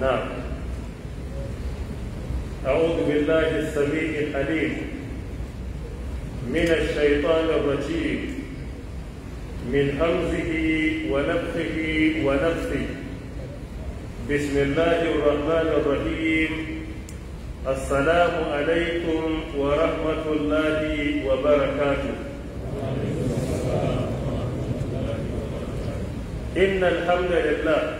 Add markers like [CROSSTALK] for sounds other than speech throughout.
نعم أعوذ بالله السميع الحليم من الشيطان الرجيم من همزه ونفخه ونفسه بسم الله الرحمن الرحيم السلام عليكم ورحمة الله وبركاته إن الحمد لله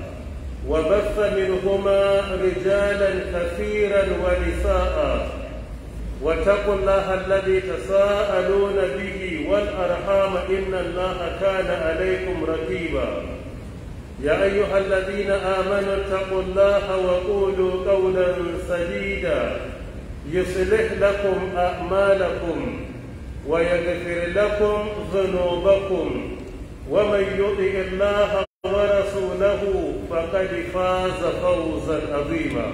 وبث منهما رجالا كثيرا ونساء واتقوا الله الذي تساءلون به والارحام ان الله كان عليكم رقيبا يا ايها الذين امنوا اتقوا الله وقولوا قولا سديدا يصلح لكم اعمالكم ويغفر لكم ذنوبكم ومن يطع الله ورسوله فقد فاز فوزا عظيما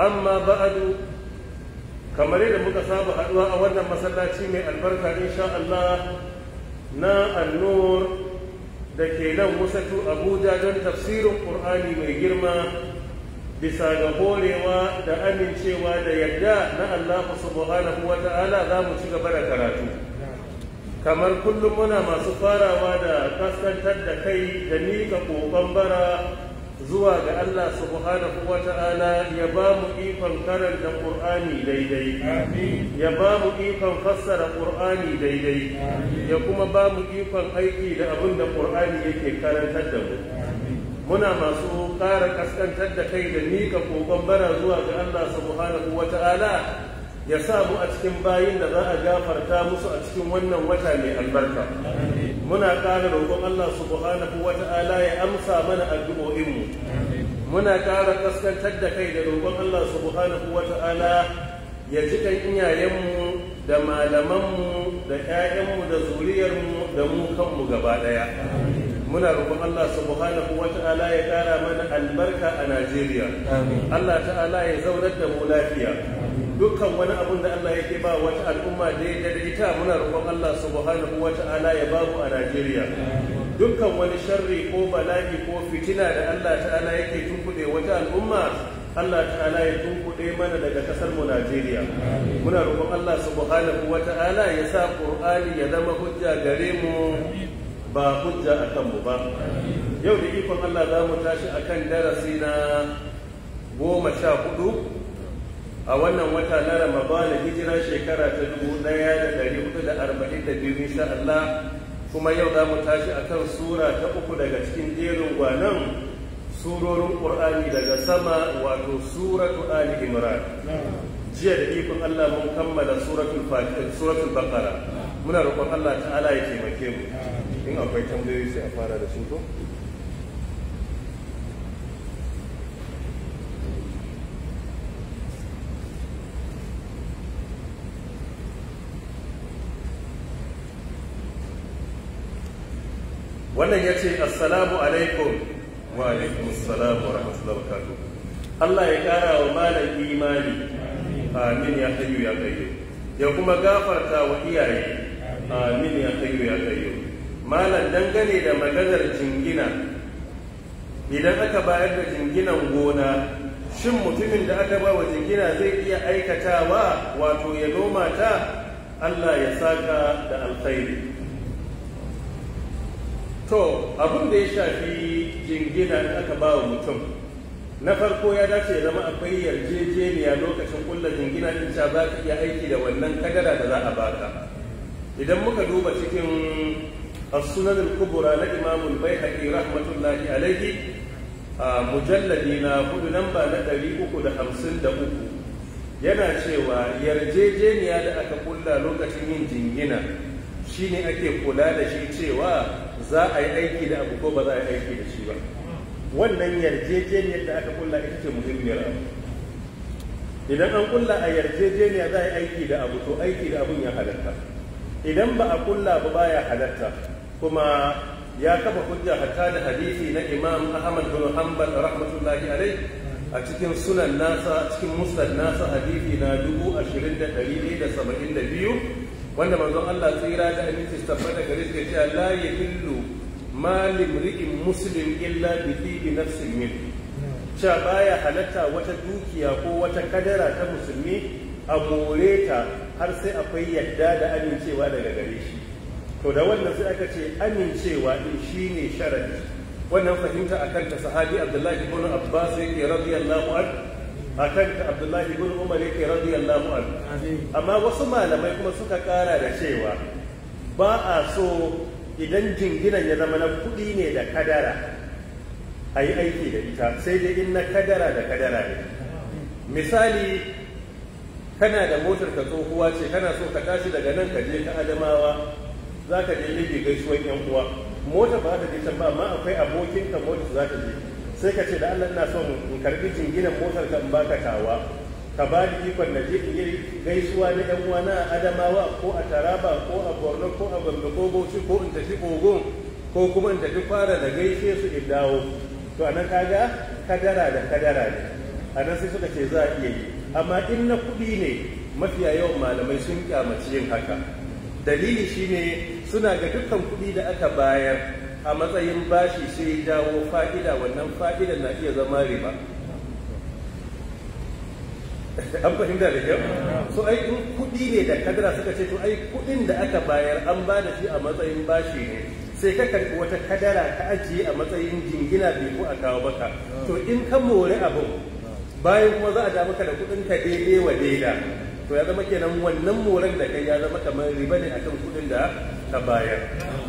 أما بعد kamar yadda muka saba haɗuwa a wannan masallaci mai albarka insha Allah na annur da ke nan wasatu abuja don tafsirin ƙur'ani mai girma bisa ga horewa da amincewa da yadda na Allah subhanahu wa ta'ala za mu ci gaba da karatu kamar kullum muna masu farawa da kaskantar da kai da nika ƙoƙon bara zuwa ga Allah subhanahu wa ta'ala ya ba mu ikon karanta ƙur'ani daidai ya ba mu ikon fassara ƙur'ani daidai ya kuma ba mu ikon aiki da abin da ƙur'ani yake karantar da mu muna masu ƙara kaskantar da kai da nika ƙoƙon bara zuwa ga Allah subhanahu wa ta'ala ya sa mu a cikin bayin da za a gafarta musu a cikin wannan wata mai albarka muna ƙara roƙon Allah subhanahu ta'ala ya amsa mana addu'o'inmu muna ƙara kaskantar da kai da roƙon Allah subhanahu ta'ala ya ji kan iyayenmu da malamanmu da 'ya'yanmu da zuriyarmu da mu kanmu gaba ɗaya muna roƙon Allah subhanahu ta'ala ya ƙara mana albarka a Najeriya Allah ta'ala ya zaunar da mu lafiya dukkan wani abun da Allah yake ba wata al'umma da ya da ita muna roƙon Allah subhanahu wa ta'ala ya babu a Najeriya dukkan wani sharri ko bala'i ko fitina da Allah ta'ala yake tunkuɗe wata al'umma Allah ta'ala ya tunkuɗe mana daga ƙasar mu Najeriya muna roƙon Allah subhanahu wa ta'ala ya sa Qur'ani ya zama hujja gare mu ba hujja akan mu ba yau da ikon Allah za mu tashi akan darasi na goma sha hudu a wannan wata na ramadana hijira shekara ta dubu ɗaya da dari hudu da arba'in da biyu insha Allah kuma yau za mu tashi akan sura ta uku daga cikin jerin gwanon surorin ƙur'ani daga sama wato suratu ali imran jiya da ikon Allah mun kammala suratul bakara muna roƙon Allah ta'ala ya taimake mu in akwai tambayoyi sai a fara da su wannan ya ce assalamu alaikum wa alaikum assalamu wa rahmatullahi wa Allah ya kara wa malam imani amin ya hayyu ya qayyum ya kuma gafarta wa iyaye amin ya hayyu ya qayyum malam dangane da maganar jingina idan aka bayar da jinginan gona shin mutumin da aka ba wa jingina zai iya aikatawa wato ya noma ta Allah ya saka da alkhairi to abin da ya shafi jingina da aka ba wa mutum na farko ya dace zama akwai yarjejeniya lokacin kulla jingina din cewa za ka iya aiki da wannan kadara da za a baka idan muka duba cikin asunan kubura na imamun al haƙi rahmatullahi alayhi a mujalladi na hudu lamba na uku, yana cewa yarjejeniya da aka kulla lokacin yin jingina shine ake kula da shi cewa za a yi aiki da abu ko ba za a yi aiki da shi ba wannan yarjejeniyar da aka kulla ita ce muhimmiyar abu idan an kulla a yarjejeniya za a yi aiki da abu to aiki da abun ya halatta idan ba a kulla ba baya halatta kuma ya kafa hujja hatta da hadisi na imam ahmad bin hanbal rahmatullahi alai a cikin sunan nasa cikin musnad nasa hadisi na dubu ashirin da ɗari da saba'in da biyu wanda manzon Allah tsira da ta tabbata gare shi ya la yahillu malim ri'in muslim illa bi tibi nafsi min cha baya halatta wata dukiya ko wata kadara ta musulmi a more ta har sai akwai yadda da amincewa daga gare shi to da wannan sai aka ce amincewa din shine sharadi wannan fahimta akan ta sahabi Abdullahi ibn Abbas yake radiyallahu anhu a kanta abdullahi ibn umar yake radiyallahu anhu amma wasu malamai kuma suka kara da cewa ba a so idan jinginan ya zama na kuɗi ne da kadara a yi aiki da ita sai dai in na kadara da kadara ne misali kana da motar ka tsohuwa ce kana so ka tashi daga nan ka je ka adamawa za ka je libi gaisuwan yan uwa mota ba ta je can ba amma akwai abokin abokinka motar za ta je sai ka ce da Allah na son in karbi jinginan motar ka in baka tawa ka ba ni ikon na je in yi gaisuwa na yan uwana a Adamawa ko a Taraba ko a Borno ko a Gombe ko Bauchi ko in tafi Ogun ko kuma in tafi fara da gaishe su in dawo to anan kaga kadara da kadara ne anan sai suka ce za a iya yi amma in na kuɗi ne mafiya yawan malamai sun kyamaci yin haka dalili shine suna ga dukkan kuɗi da aka bayar a matsayin bashi sai dawo fa'ida wannan fa'ida na iya zama riba an fahim da kyau so ai in kuɗi ne da kadara suka ce to ai kuɗin da aka bayar an ba da shi a matsayin bashi ne sai ka karɓi wata kadara ka ajiye a matsayin jingina bai a kawo baka to in ka mori abin bayan kuma za a ja maka da kuɗin ka daidai wa daida to ya zama kenan wannan moran da kai ya zama kamar riba ne akan kuɗin da a baya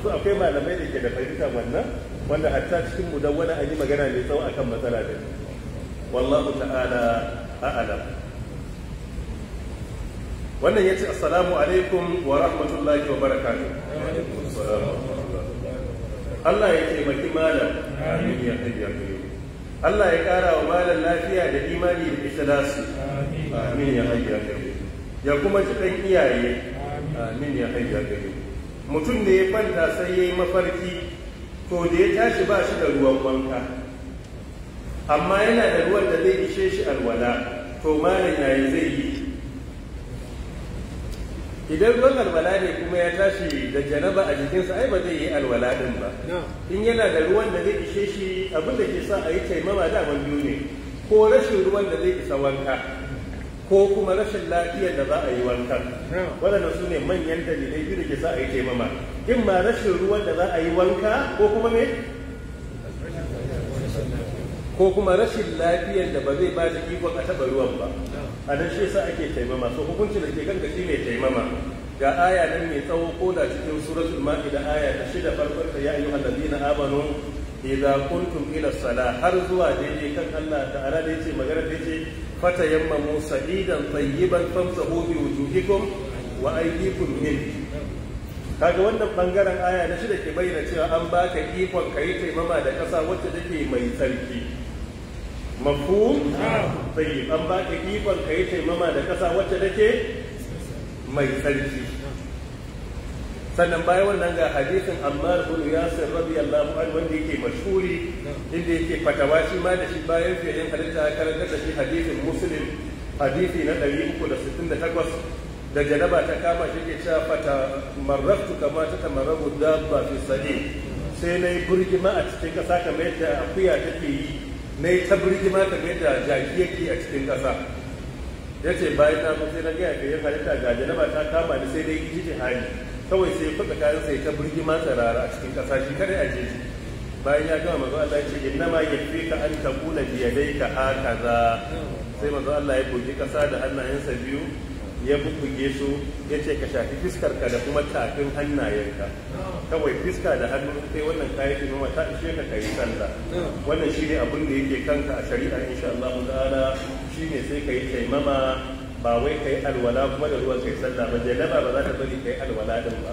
su akwai malamai da ke da fahimta wannan wanda hatta cikin mudawwana an yi magana mai tsawo akan matsala da wallahu ta'ala a'lam wannan yace assalamu alaikum wa rahmatullahi wa barakatuh Allah ya taimaki malam amin ya tayyaki Allah ya kara wa malam lafiya da imani da ikhlasi amin ya hayya ya kuma cikin iyaye amin ya hayya ya mutum da ya kwanta sai ya yi mafarki to da ya tashi ba shi da ruwan wanka amma yana da ruwan da zai ishe shi alwala to da yayi zai yi idan ruwan alwala ne kuma ya tashi da janaba a jikinsa ai ba zai yi alwala din ba in yana da ruwan da zai ishe shi abin da ke sa a yi taimama da biyu ne ko rashin ruwan da zai isa wanka ko kuma rashin lafiyar da za a yi wankan waɗanda su ne manyan dalilai biyu da ke sa a yi taimama in ma rashin ruwan da za a yi wanka ko kuma me ko kuma rashin lafiyar da ba zai ba da ikon a taɓa ruwan ba a nan shi sa ake taimama so hukuncin da ke kan shi ne taimama ga aya nan mai tsawo ko da cikin suratul ma'ida aya ta shida farkon ta ya ayyuhal ladina amanu idza kuntum ila salah har zuwa daidai kan Allah ta'ala da yace magana da yace musa idan tayyiban famsahu bi wujuhikum wa aydikum min kaga wannan bangaren aya na shida ke bayyana cewa an baka ikon kai taimama da kasa wacce take mai tsarki mafu tayyib an baka ikon kai taimama da kasa wacce take mai tsarki sannan bayan wannan ga hadisin Ammar bin Yasir radiyallahu anhu wanda yake mashhuri inda yake fatawa shi ma da shi bayan fi'ilin halitta karanta da shi hadisin Muslim hadisi na 368 da janaba ta kama shi ke cewa fata marraftu kama ta tamarabu dabba fi sadi sai na yi burgima a cikin ƙasa kamar yadda akuya take yi na yi ta burgima kamar yadda jaki yake a cikin ƙasa ya ce bayan na sai na gaya ga yin halitta ga janaba ta kama ni sai dai hali. kawai sai fasa kayan sai ta burgi ma tsarara a cikin kasa shi kare a jeji bayan ya gama mazu Allah ya ce inna ma yafi ka an dai ka yadayka za sai mazu Allah ya buge kasa da hannayensa biyu ya bubbuge su ya ce ka shafi fiskarka da kuma tafin hannayenka kawai fiska da hannu sai wannan kayan imama ta ishe ka kayi sanda. wannan shine abin da yake kanka a shari'a insha Allah ta'ala ne sai ka yi taimama ba wai kai alwala kuma da ruwan kai sallah ba janaba ba za ta bari kai alwala din ba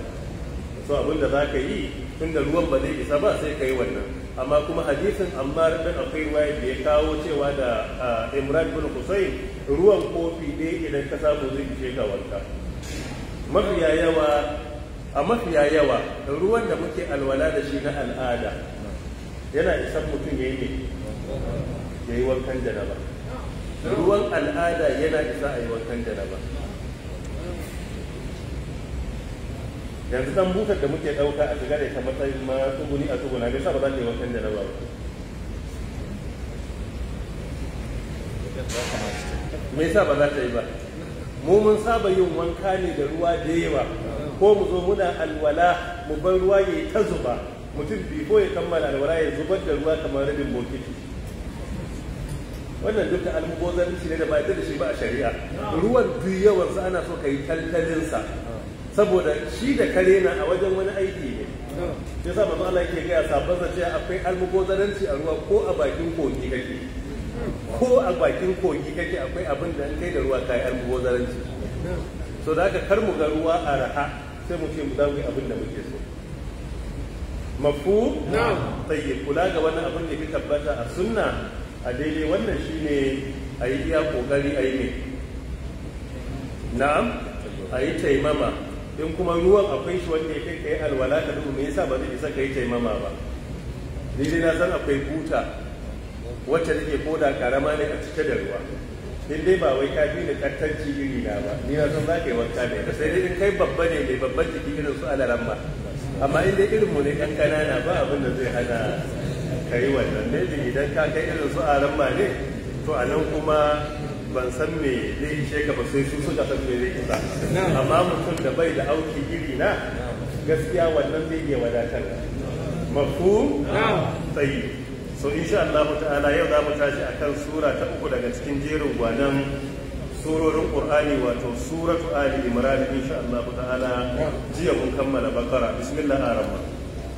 so abin da za ka yi tunda da ruwan ba zai isa ba sai ka yi wannan amma kuma hadisin ammar bin akwai waye da ya kawo cewa da imran bin husayn ruwan kofi ne idan ka samu zai ishe ka wanka mafiya yawa a mafiya yawa ruwan da muke alwala da shi na al'ada yana isan mutum ya yi ne ya wankan janaba ruwan al'ada yana isa a yi wankan janaba yanzu zan butar da muke ɗauka a shiga da ita matsayin ma tsuguni a tsuguna bai sa ba za ta yi wankan janaba ba me yasa ba za ta yi ba mu mun saba yin wanka ne da ruwa da yawa ko mu zo muna alwala mu bar ruwa ya ta zuba mutum ko ya kammala alwala ya zubar da ruwa kamar rabin bokiti wannan duka almubozanci ne da ba da shi ba a shari'a ruwan duk yawansa ana so ka yi tantalinsa saboda shi da kare na a wajen wani aiki ne ya sa masu Allah yake gaya sabon zace akwai almubozanci a ruwa ko a bakin kogi kake ko a bakin kogi kake akwai abin da kai da ruwa yi almubozanci so da aka kar mu ga ruwa a raha sai mu ce mu za mu yi abin da muke so mafu na tayyib kula ga wannan abin da ke tabbata a sunna a daidai wannan shine a yi iya ƙoƙari a yi ne na'am a yi taimama in kuma ruwan akwai shi wanda ya kai alwala ka duhu me yasa ba zai isa ka yi taimama ba daidai na san akwai buta wacce take koda karama ne a cike da ruwa in dai ba wai ka fi da kattanci iri na ba ni na san za ka yi wanka ne da sai dai in kai babba ne mai babban jiki irin su alaran ba amma in dai irin mu ne ɗan ƙanana ba abin da zai hana ka yi wannan maybe idan ka kai irin su aran ne to a nan kuma ban san me zai ishe ka ba sai su suka san me zai isa amma mutum da bai da auki iri na gaskiya wannan zai iya wadatar mafhum sai so insha Allah ta'ala yau za mu tashi akan sura ta uku daga cikin jerin gwanan surorin Qur'ani wato suratu Ali Imran insha Allah ta'ala jiya mun kammala bakara bismillahir rahmanir rahim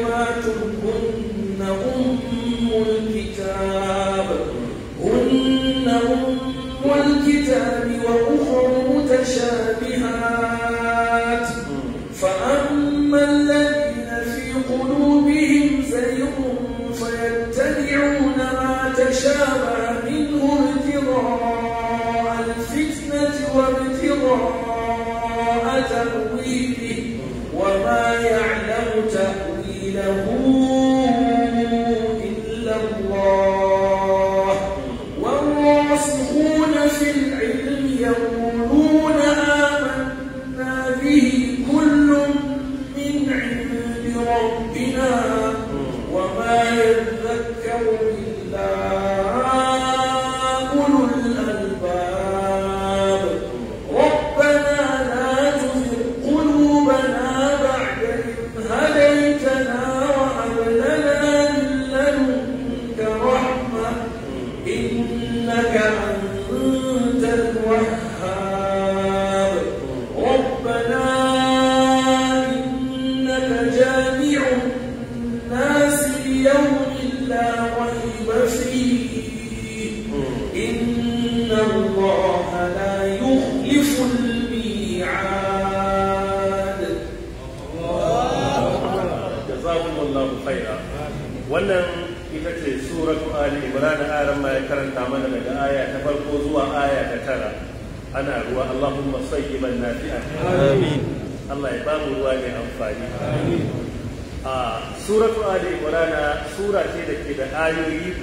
أمهاتهن أم الكتاب هن أم الكتاب وأم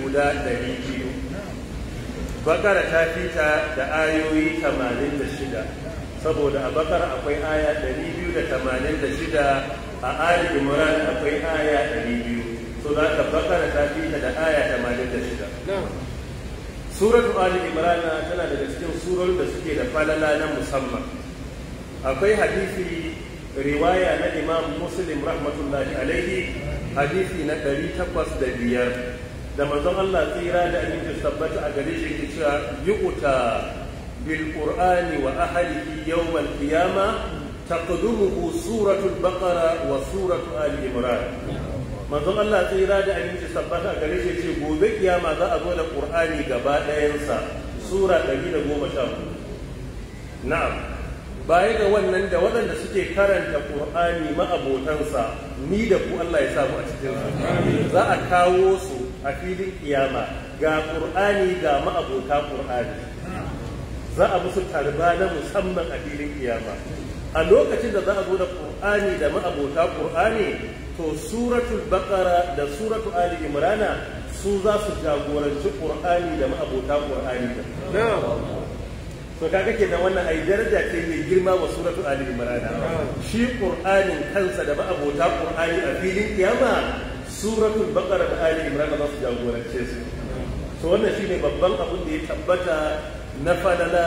guda ɗari biyu bakara ta fita da ayoyi tamanin da shida saboda a bakara akwai aya ɗari biyu da tamanin da shida a ali imran akwai aya ɗari biyu so za ka bakara ta fita da aya tamanin da shida suratu ali imran tana daga cikin surar da suke da falala na musamman akwai hadisi riwaya na imam muslim rahmatullahi alaihi hadisi na ɗari takwas da biyar da manzon Allah tsira da aminci tabbata a gare shi ke cewa yuquta bil qur'ani wa ahlihi yawm al qiyama taqdumuhu suratul baqara wa suratul ali imran manzon Allah tsira da aminci tabbata a gare shi ce gobe kiyama za a zo da qur'ani gaba sa sura 114 na'am baya ga wannan da waɗanda suke karanta ƙur'ani ma'abotansa ni da ku Allah ya samu a cikin za a kawo su a filin kiyama ga ƙur'ani ga ma'abota ƙur'ani za a musu tarba na musamman a filin kiyama a lokacin da za a zo da ƙur'ani da ma'abota ƙur'ani to suratul baƙara da suratul ali imrana su za su jagoranci ƙur'ani da ma'abota ƙur'ani da to kaga da wannan ai daraja ce mai girma wa suratul ali imrana shi ƙur'anin kansa da ma'abota ƙur'ani a filin kiyama suratul bakar da ali imran za su jagorance su to wannan shine babban abun da ya tabbata na falala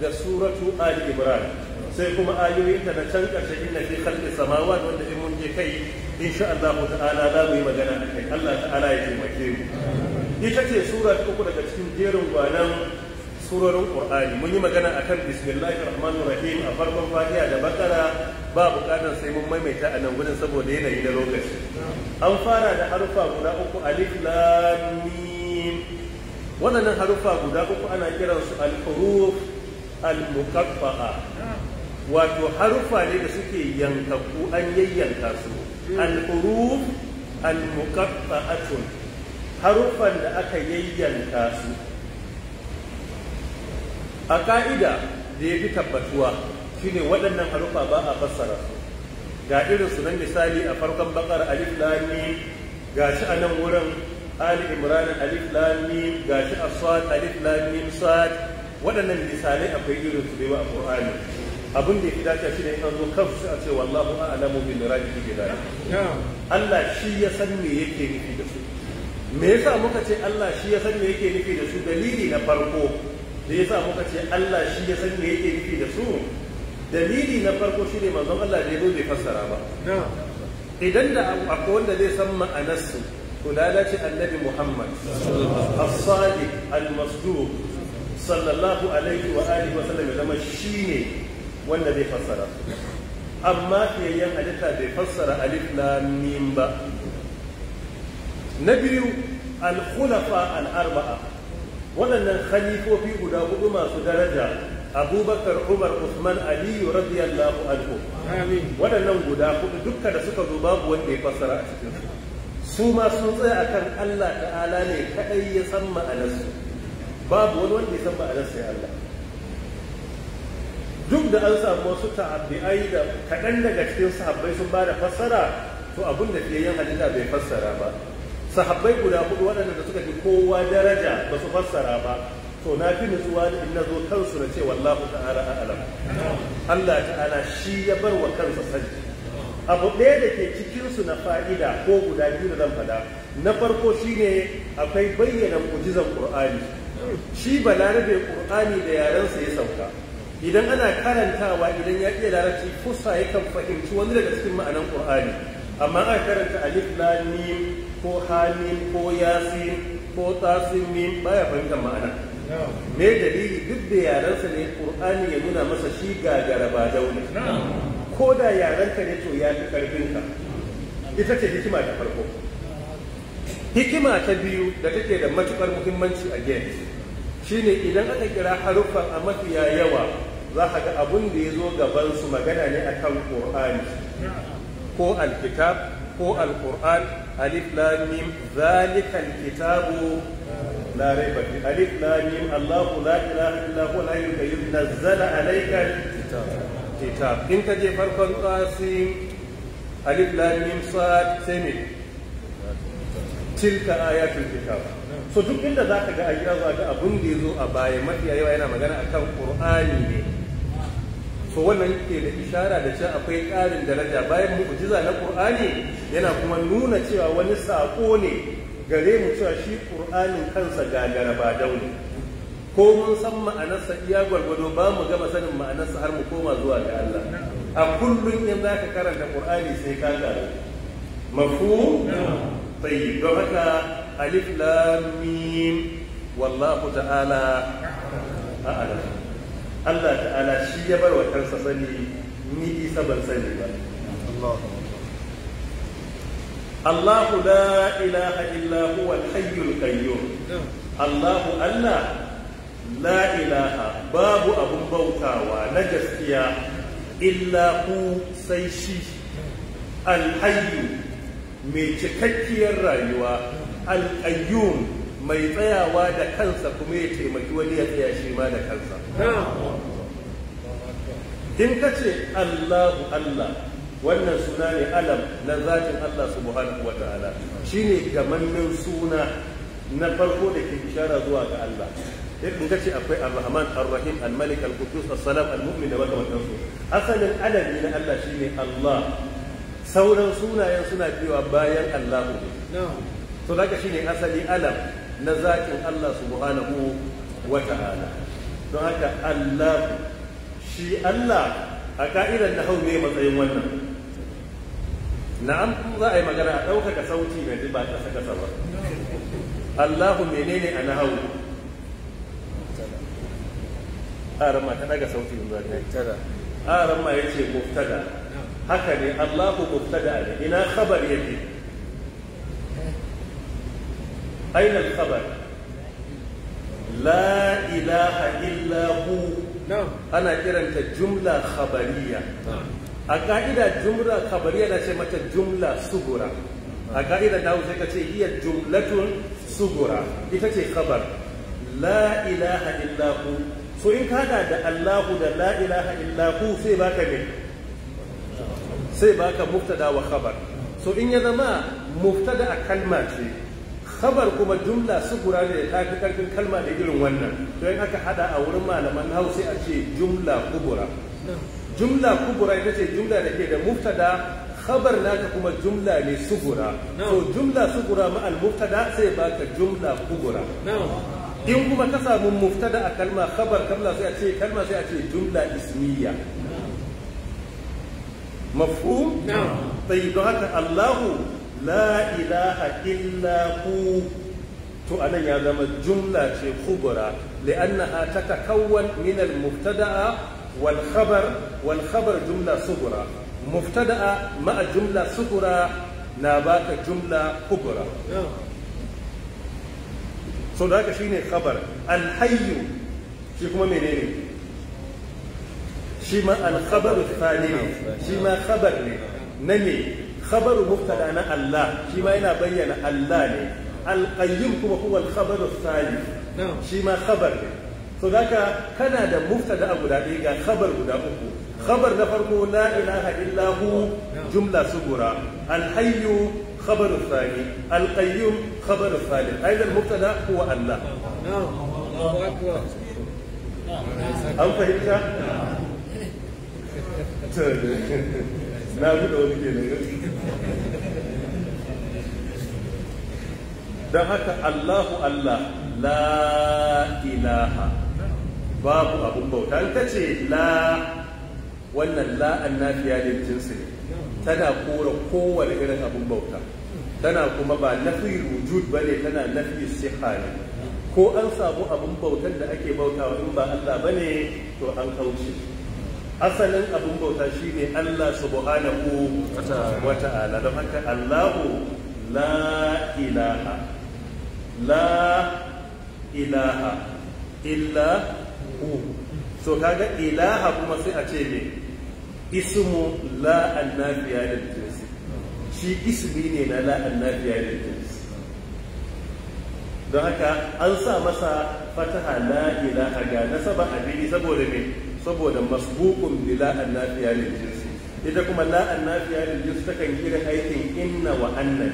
ga suratu ali imran sai kuma ayoyin ta na can karshe inna fi khalqi samawati wanda in mun je kai insha Allah ta'ala za mu yi magana akai Allah ta'ala ya taimake mu ita ce sura ta uku daga cikin jerin gwanan surorin qur'ani mun yi magana akan bismillahir rahmanir rahim a farkon fatiha da bakara ba bukatar sai mun maimaita a nan gudun saboda yanayi da lokaci an fara da harufa guda uku alif lam waɗannan harufa guda uku ana kiransu al-huruf al mukaffaa wato harufa ne da suke yankaku an yayyanka su al-huruf al-muqaffa'atun harufan da aka yayyanka su a ka'ida da ya fi tabbatuwa shine waɗannan harufa ba a fassara su ga irin su nan misali a farkon bakar alif lami ga shi a nan wurin ali imran alif lami ga shi a swat alif lami swat waɗannan misalai akwai irin su da a qur'ani abin da ya fi dace shi ne in an zo kan su a ce wallahu a'lamu bi fi bi Allah shi ya san me yake nufi da su me yasa muka ce Allah shi ya san me yake nufi da su dalili na farko da yasa muka ce Allah shi ya san me yake nufi da su dalili na farko shi ne manzon Allah da ya zo bai fassara ba idan da akwai wanda zai san ma'anarsu to ce annabi Muhammad as-sadiq al-masduq sallallahu alaihi wa alihi wa sallam zama shine wanda zai fassara amma fiyayyen halitta bai fassara alif lam mim ba na biyu al-khulafa al-arba'a waɗannan khalifofi guda hudu masu daraja abubakar umar usman aliyu radiyallahu anhu waɗannan guda hudu dukkan da suka zo babu wanda ya fassara a cikin su ma sun tsaya akan Allah ta'ala ne kadai ya san ma'anarsu babu wani wanda ya san ma'anarsa ya Allah duk da an samu wasu ta'abbi'ai da kaɗan daga cikin sahabbai sun ba da fassara to abin da ke yin halitta bai fassara ba sahabbai guda hudu waɗanda suka fi kowa daraja ba su fassara ba to na fi nutsuwa da in na zo kansu na ce wallahu ta'ala a'lam Allah ta'ala shi ya bar wa kansa sani abu ɗaya da ke cikinsu na fa'ida ko guda biyu da zan fada na farko shine akwai bayyana mujizan qur'ani shi balarabe qur'ani da yaren sa ya sauka idan ana karantawa idan ya iya larabci fusa yakan fahimci wani daga cikin ma'anan qur'ani amma aka karanta alif lamim ko hamim ko yasin ko tasin mim baya fahimta ma'ana me dalili duk da yarensa ne qur'ani ya nuna masa shi ga garaba dauni ko da yarenka ne to ya fi karfinka ita ce hikima ta farko hikima ta biyu da take da matukar muhimmanci a shi shine idan aka kira haruffan a mafiya yawa za ka ga abun da ya zo gaban su magana ne akan qur'ani ko alkitab ko alquran alif lam mim zalika alkitabu la raiba fi alif lam mim allah la ilaha illa huwa la yughayyiru nazzala alayka alkitab kitab in ka je farkon qasim alif lam mim sad sai ne tilka ayatul kitab so duk inda zaka ga ayyuka ga abun da yazo a baya mafi yawa yana magana akan qur'ani ne to wannan ke da ishara da cewa akwai ƙarin daraja bayan mu'jiza na Qur'ani yana kuma nuna cewa wani sako ne gare mu cewa shi Qur'anin kansa gagara ba dauni ko mun san ma'anarsa iya gwargwado ba mu gama sanin ma'anarsa har mu koma zuwa ga Allah a kullum in zaka karanta Qur'ani sai ka gano mafhum tayyib don haka alif lam mim wallahu ta'ala a'lam Allah ta'ala shi ya bar wa kansa sani ni isa ban sani ba Allahu la ilaha illa huwa al-hayyul qayyum Allahu Allah la ilaha babu abun bautawa na gaskiya illa hu sai shi al-hayyu mai cikakkiyar rayuwa al-qayyum mai tsayawa da kansa kuma ya taimaki wani ya tsaya shi ma da kansa in ka ce Allahu Allah wannan suna ne alam na zatin Allah subhanahu wa ta'ala shine gamannin suna na farko da ke ishara zuwa ga Allah in ka ce akwai ar-rahman ar-rahim al-malik al-qudus as-salam al-mu'min da makamantansu asalin alabi na Allah shine Allah sauran sunayen suna biyowa bayan Allahu to daga shine asali alam na zakin Allah subhanahu wa ta'ala don haka Allah shi Allah a ka'idar da hau ne matsayin wannan na'am za a yi magana a ɗaukaka sauti mai ji ba saka ƙasa ba Allahu menene a nahau a ma ta daga sauti in za ta aran ma ce mubtada haka ne Allahu mubtada ne ina khabar yake aina al-khabar la ilaha illa hu ana kiranta jumla khabariya a ka'ida jumla khabariya na ce mata jumla sugura a ka'ida na sai ka ce iya jumlatun sugura ita ce khabar la ilaha illahu so in ka da allahu da la ilaha illahu sai baka me sai baka muftada wa khabar so in ya zama muftada a kalma ce khabar kuma jumla sukura ne ta fi karfin kalma da irin wannan don aka hada a wurin malaman hausa a ce jumla kubura jumla kubura ita ce jumla da ke da muftada khabar naka kuma jumla ne sukura to jumla sukura ma'al muftada sai baka jumla kubura in kuma ka samu muftada a kalma khabar kalma sai a ce kalma sai a ce jumla ismiya mafhum tayyib haka Allahu la ilaha illa ku. to anan ya zama jumla ce kubura li'annaha tatakawwan min al-mubtada'a wal khabar wal khabar jumla sughra mubtada'a ma'a jumla sughra na baka jumla kubura so da haka shine khabar al-hayyu shi kuma menene shi ma al-khabar thani shi ma khabar ne na me khabaru mubtada na Allah shi ma yana bayyana Allah ne alqayyim kuma huwa al-khabaru salih shi ma ne so daga kana da mubtada guda ɗaya kabar khabar guda uku Kabar na farko na ilaha illa jumla sugura al-hayyu khabaru thani al-qayyum khabaru thalith aidan mubtada huwa Allah an fahimta [LAUGHS] na da wani ke don haka Allahu Allah la ilaha babu abun bauta Ta ka ce la wannan la annafiya da jinsi tana kora kowane irin abun bauta tana kuma ba nafi wujud ba ne tana nafi siha ne ko an samu abun bautan da ake bautawa in ba Allah ba ne to an kauce asalin abin bauta shine Allah subhanahu wa ta'ala don haka Allahu la ilaha la ilaha illa hu so kaga ilaha kuma sai a ce ne ismu la annabiya da jinsi shi ismi ne na la annabiya da jinsi don haka an sa masa fataha la ilaha ga nasaba abini saboda me saboda masbukun bila nafiya lil jinsi ita kuma la nafiya lil jinsi takan kira aikin inna wa anna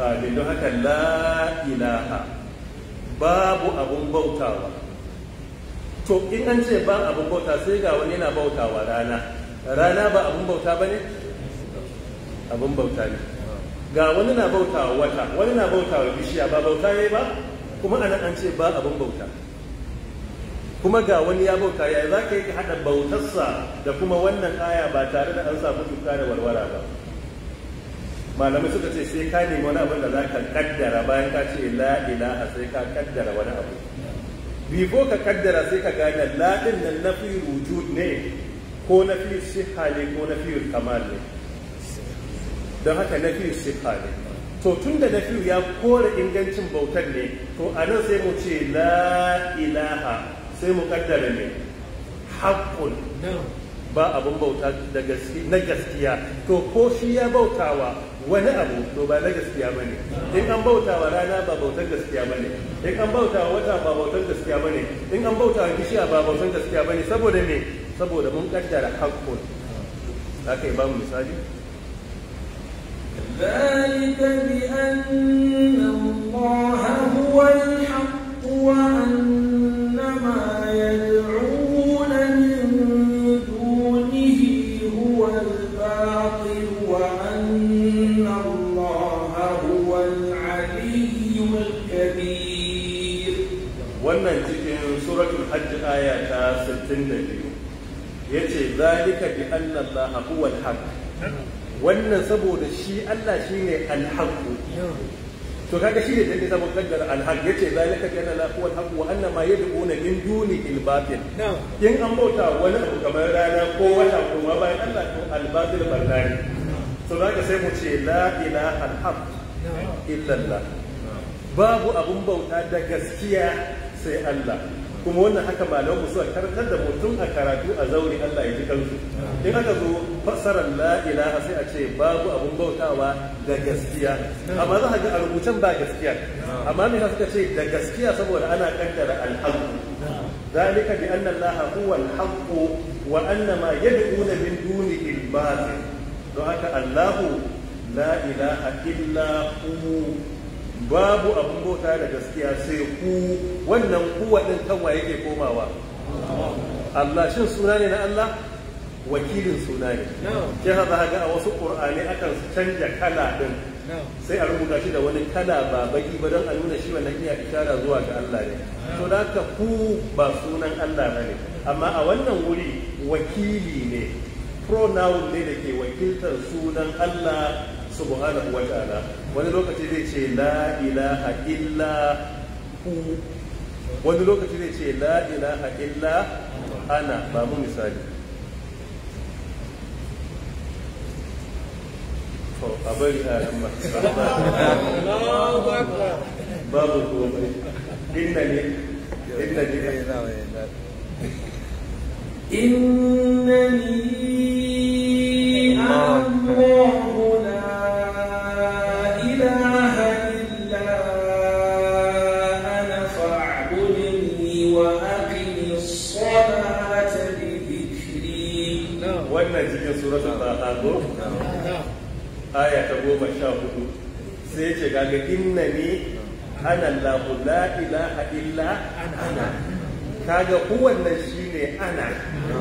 a ah, don haka la ilaha babu abun bautawa to in an ce ba abun bauta sai ga wani yana bautawa rana rana ba abun bauta ba ne abun bauta ne ga wani na bautawa wata wani na bautawa bishiya ba bauta ya ba kuma anan an ce ba abun bauta kuma ga wani ya bauta ya za ka yi haɗa bautarsa da kuma wannan aya ba tare da an samu cuta da warwara ba malamai suka ce sai ka nemi wani abin da za ka kaddara bayan ka ce la ilaha sai ka kaddara wani abu bifo ka kaddara sai ka gane la'in nan na fi wujud ne ko na fi siha ne ko na fi kamar ne don haka na fi siha ne to tun da na ya kore ingancin bautar ne to a nan sai mu ce la ilaha sai mu kaddara ne haƙƙun ba abin bauta na gaskiya to ko shi ya bautawa wani abu to ba na gaskiya bane in an bautawa rana ba bautar gaskiya bane in an bautawa wata ba bautar gaskiya bane in an bautawa bishiya ba bautar gaskiya bane saboda me saboda mun kaddara haƙƙun za ka yi ba mu misali ذلك بأن الله هو الحق وأن wannan cikin suratul hajj aya ta yace zalika bi anna allaha huwal haqq wannan saboda shi Allah shine al-haqq to kaga shi ne take yake zama kaddara alhaq yace zalika kana la huwa haqu wa anna ma yad'una min duni albatil in an bauta wani abu kamar rana ko wata ko ma bayan Allah to albatil barnani to kaga sai mu ce la ilaha alhaq illa Allah babu abun bauta da gaskiya sai Allah kuma wannan haka malamu su karkar da mutum a karatu a zaure Allah ya ji kansu in aka zo fassarar la ilaha sai a ce babu abun bautawa da gaskiya amma za ga a rubucen ba gaskiya amma me suka ce da gaskiya saboda ana kaddara alhaku ذلك بأن الله هو الحق وأن ما يدعون من دونه الباطل دعاك الله لا إله illa هو babu abin bauta da gaskiya sai ku wannan kuwa din kan yake komawa Allah shin suna ne na Allah wakilin suna ne ke za ga a wasu ƙur'ani akan canja kala din sai a rubuta shi da wani kala ba baki ba don a nuna shi wannan iya ishara zuwa ga Allah ne to da haka ku ba sunan Allah ba ne amma a wannan wuri wakili ne pronoun ne da ke wakiltar sunan Allah subhanahu wa ta'ala wani lokaci zai ce la ilaha illa hu wani lokaci zai ce la ilaha illa ana ba mu misali a bari a babu komai inna ne inna ne aya ta goma sha hudu sai ce gaga inna ni ana Allahu la ilaha illa ana kaga shi ne ana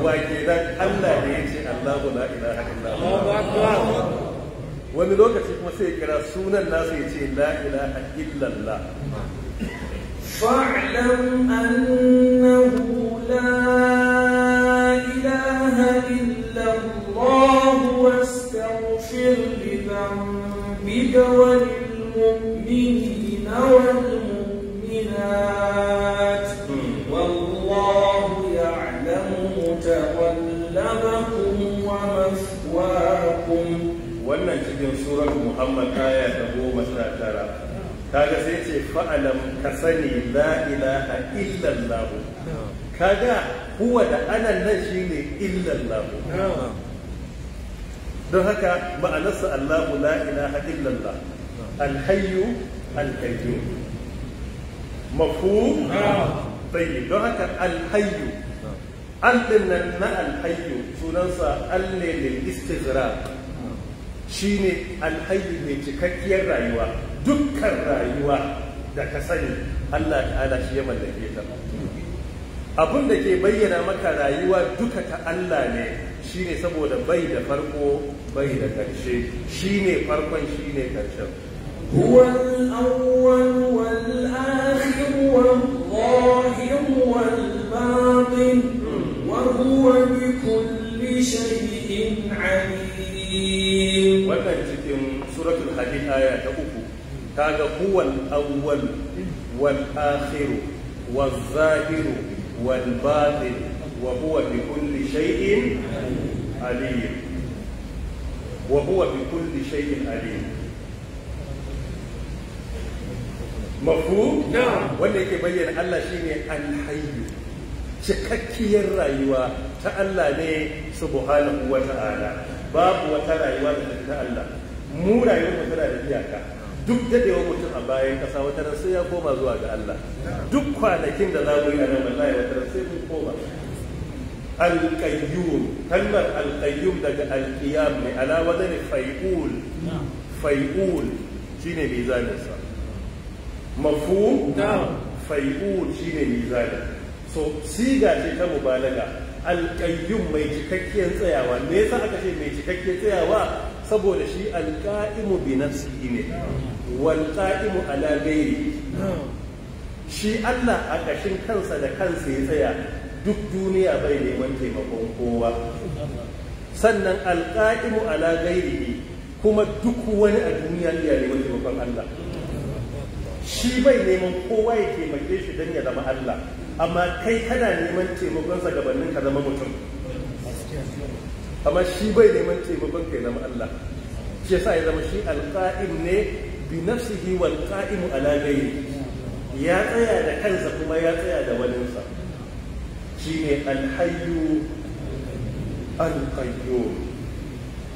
wa ke kenan Allah ne ya ce Allahu la ilaha illa Allah wani lokaci kuma sai kira sunan ya ce la ilaha illa Allah فاعلم annahu لا إله إلا الله واستغفر لذنبك والمؤمنين والمؤمنات hmm. والله يعلم متقلبكم ومثواكم wannan cikin surar muhammad aya ta goma sha tara kaga sai ce fa'alam ka sani la ilaha illallah kaga huwa da anan nan shine illallah don haka ma'anarsa Allahu la ilaha illallah alhayyu alkayyum mafu tayyib don haka alhayyu an na alhayyu sunansa al ne istizra shine alhayyu mai cikakkiyar rayuwa dukkan rayuwa da ka sani Allah ta'ala shi ya mallake ta abin da ke bayyana maka rayuwa duka ta Allah ne shine saboda bai da farko bai da ƙarshe shine farkon shine ƙarshen هو الأول والآخر والظاهر والباطن وهو بكل شيء عليم wannan cikin suratul hadid aya ta uku kaga huwal awwal wal akhir wa zahiru والباطل وهو بكل شيء عليم وهو بكل شيء عليم مفهوم نعم wanda yake bayyana Allah shine alhayyu cikakkiyar rayuwa ta Allah ne subhanahu wa ta'ala babu wata rayuwa da ta Allah mu rayuwar tana da iyaka duk dadewa mutum a bayan kasa wata ran ya koma zuwa ga Allah duk kwanakin da za mu yi a nan wallahi wata ran sai mun koma alƙayyum kalmar alƙayyum daga alƙiyam ne ala ne fai'ul fai'ul shine mizanin sa mafu fai'ul shine mizanin so siga ce ta mubalaga alƙayyum mai cikakken tsayawa me yasa aka ce mai cikakken tsayawa saboda shi alƙa'imu bi nafsihi ne wal qa'imu ala ghairi shi Allah a ƙashin kansa da kansa ya tsaya duk duniya bai neman taimakon kowa sannan alƙa'imu ala gairihi kuma duk wani a duniya ya neman taimakon Allah shi bai neman kowa ya taimake shi don ya zama Allah amma kai kana neman taimakonsa gabanin ka zama mutum amma shi bai neman taimakon ka ya zama Allah shi sa ya zama shi alƙa'im ne bi nafsihi wal qa'im ala ghayri ya tsaya da kansa kuma ya tsaya da waninsa shine al qayyum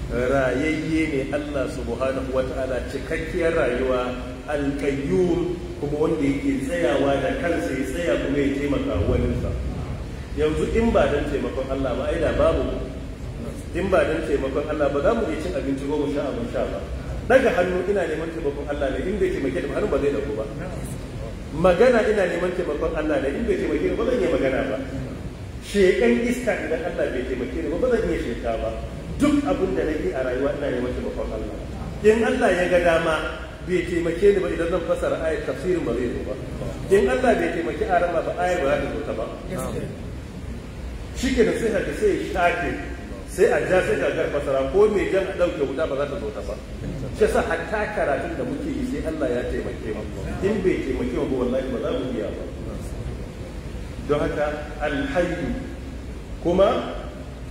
rayayye ne Allah subhanahu ta'ala cikakkiyar rayuwa qayyum kuma wanda yake tsayawa da kansa ya tsaya kuma ya taimaka sa yanzu in ba dan taimakon Allah ba ai da babu in ba dan taimakon Allah ba za mu yi cin abinci goma sha abin sha ba daga hannu ina neman taimakon Allah ne in bai taimake ni hannu ba zai dauko ba magana ina neman taimakon Allah ne in bai taimake ni ba zan yi magana ba shekan iska idan Allah bai taimake ni ba ba zan iya sheka ba duk abin da nake a rayuwa ina neman taimakon Allah in Allah ya ga dama bai taimake ni ba idan zan fasara ayat tafsirin ba zai zo ba in Allah bai a arama ba ayar ba za ta zo ta ba da sai haka sai shafe sai a ja sai gagar fasara ko mai jan a ɗauke wuta ba za ta zo ta ba shi sa hatta karatun da muke yi sai Allah ya taimake mu in bai taimake mu wallahi ba za mu iya ba don haka alhayyu kuma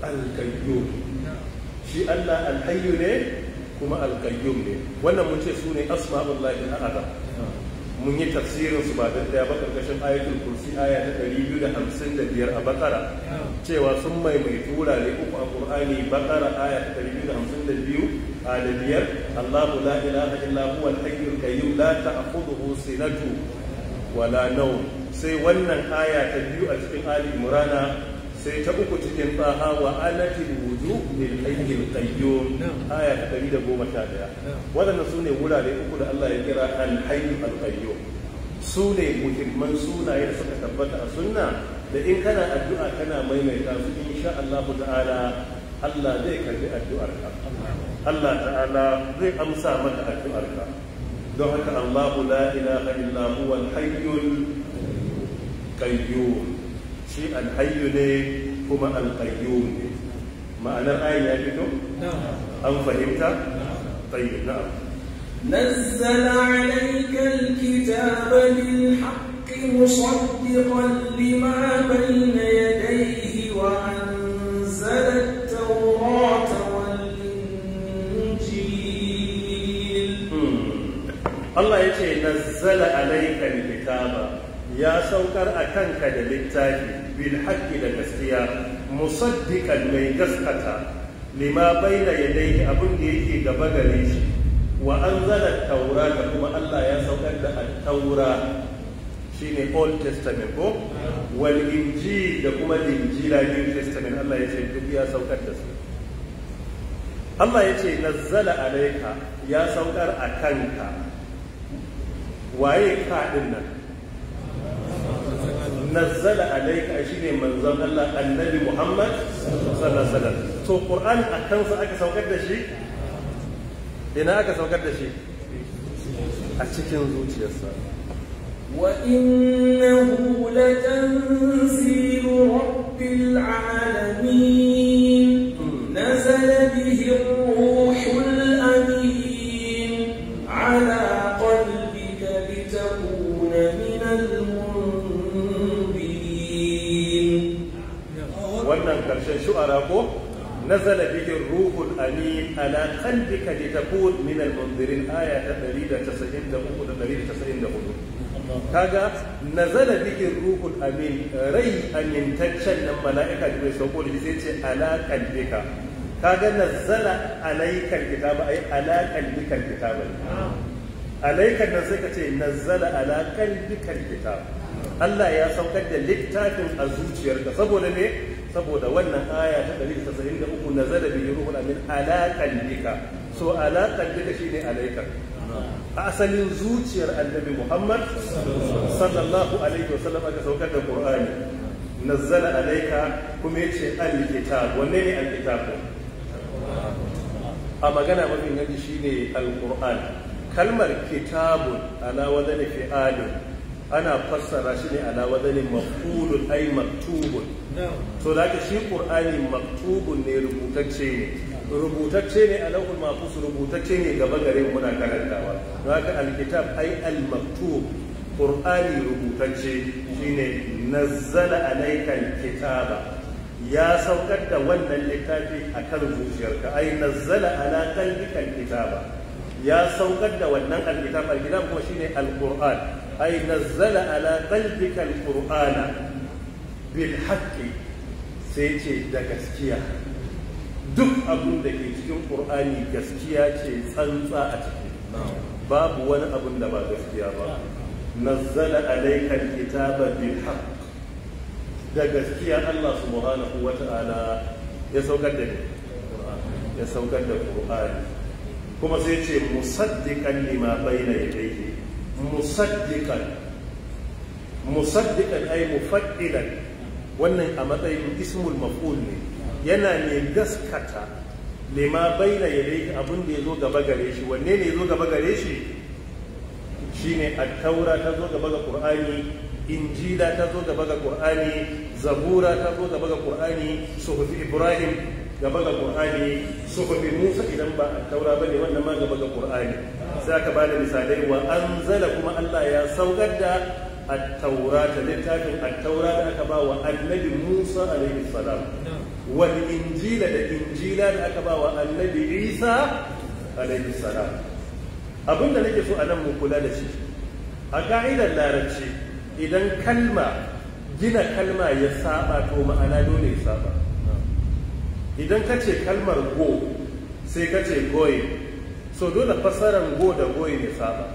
alkayyum shi Allah alhayyu ne kuma alkayyum ne wannan mun ce su ne al-azam mun yi tafsirin su ba don daya ba karkashin ayatul kursi aya ta ɗari biyu da hamsin da biyar a bakara cewa sun tura wurare uku a ƙur'ani bakara aya ta ɗari biyu da hamsin da biyu a da biyar allahu la ilaha illa huwa al-hayyul qayyum la ta'khudhuhu sinatu wala nawm sai wannan aya ta biyu a cikin ali imrana sai ta uku cikin tsaha wa bil hayyil da goma ta 111 wadannan sune wurare uku da Allah ya kira al hayyul qayyum su ne muhimman sunaye da suka tabbata a sunna da in kana addu'a kana maimaita su insha Allah ta'ala Allah zai karbi addu'arka Allah ta'ala zai amsa maka addu'arka don haka Allah la ilaha illa huwa al-hayyul qayyum shi ne kuma al ma'anar ayin ya fito? an fahimta? tsaye na abu nazzala alaikar kita banin haƙƙi musamman lima bai na yadaihi wa Allah ya ce na alaikar kitaba ya saukar a kanka da littafi bin haƙƙi da gaskiya musaddiqan mai gaskata lima bayna yadayhi abin da yake gaba gare shi wa anzala taura da kuma Allah ya saukar da at-taura shine old testament ko wal injil da kuma injila new testament Allah ya ce duk ya saukar da su Allah ya ce nazzala alaika ya saukar a kanka waye ka din nan nazzala alaika shine manzon Allah annabi Muhammad sallallahu alaihi wasallam to Qur'an a kansa aka saukar da shi ina aka saukar da shi a cikin zuciyarsa wa innahu latanzilu rabbil alamin wancan shu'ara ko nazala bihi ruhul amin ala qalbika litakun min al-munzirin aya ta 193 da 194 kaga nazala bihi ruhul amin rai amintaccen nan mala'ika da bai sauko da sai ce ala qalbika kaga nazala alayka al-kitaba ay ala qalbika al-kitaba alayka nan sai ka ce nazzala ala qalbika al-kitaba Allah ya saukar da littafin a zuciyarka saboda ne saboda wannan aya ta ɗari da da uku, 193 nazala bi ruhul amin ala qalbika so ala qalbika shine alaika a asalin zuciyar annabi Muhammad sallallahu alaihi wasallam aka saukar da Qur'ani nazzala alaika kuma yace al-kitab wanne ne al-kitab a magana mafi yanzu shine al-Qur'an kalmar kitabun ala wadani fi'alun ana fassara shi ne ala wadani maf'ulun ay maktubun to da shi qur'ani maktubun ne rubutacce ne rubutacce ne a lauhul mahfuz rubutacce ne gaba gare muna karantawa don haka alkitab ai al-maktub qur'ani rubutacce shine nazzala alayka al-kitaba ya saukar da wannan littafi a kan zuciyarka ai nazzala ala qalbika kitaba ya saukar da wannan alkitab alkitab kuma shine alquran ai nazzala ala qalbika alqur'ana bil haƙƙi sai ce da gaskiya duk abin da ke cikin ƙur'ani gaskiya ce tsantsa a ciki babu wani abin da ba gaskiya ba nazzala alayka alkitaba bil haƙƙi da gaskiya Allah subhanahu ta'ala ya saukar da ya saukar da qur'ani kuma sai ce musaddiqan lima bayna yadayhi musaddiqan mu ay mufaddilan wannan a matsayin ismul maf'ul ne yana ne gaskata lema baina yadayhi abin da yazo gaba gare shi wanne ne zo gaba gare shi shine Attaura taura ta zo gaba ga qur'ani injila ta zo gaba ga qur'ani zabura ta zo gaba ga qur'ani suhufi ibrahim gaba ga qur'ani suhufi musa idan ba a taura ne wannan ma gaba ga qur'ani sai aka bada misalai wa anzala kuma Allah ya saukar da at-taurata littafin at-taura da aka ba wa annabi Musa alaihi salam wal injila da injila da aka ba wa Isa alaihi salam abin da nake so a nan mu kula da shi a ka'idar larabci idan kalma gina kalma ya saba to ma'ana dole ya saba idan ka ce kalmar go sai ka ce goyi so dole fasaran go da goyi ya saba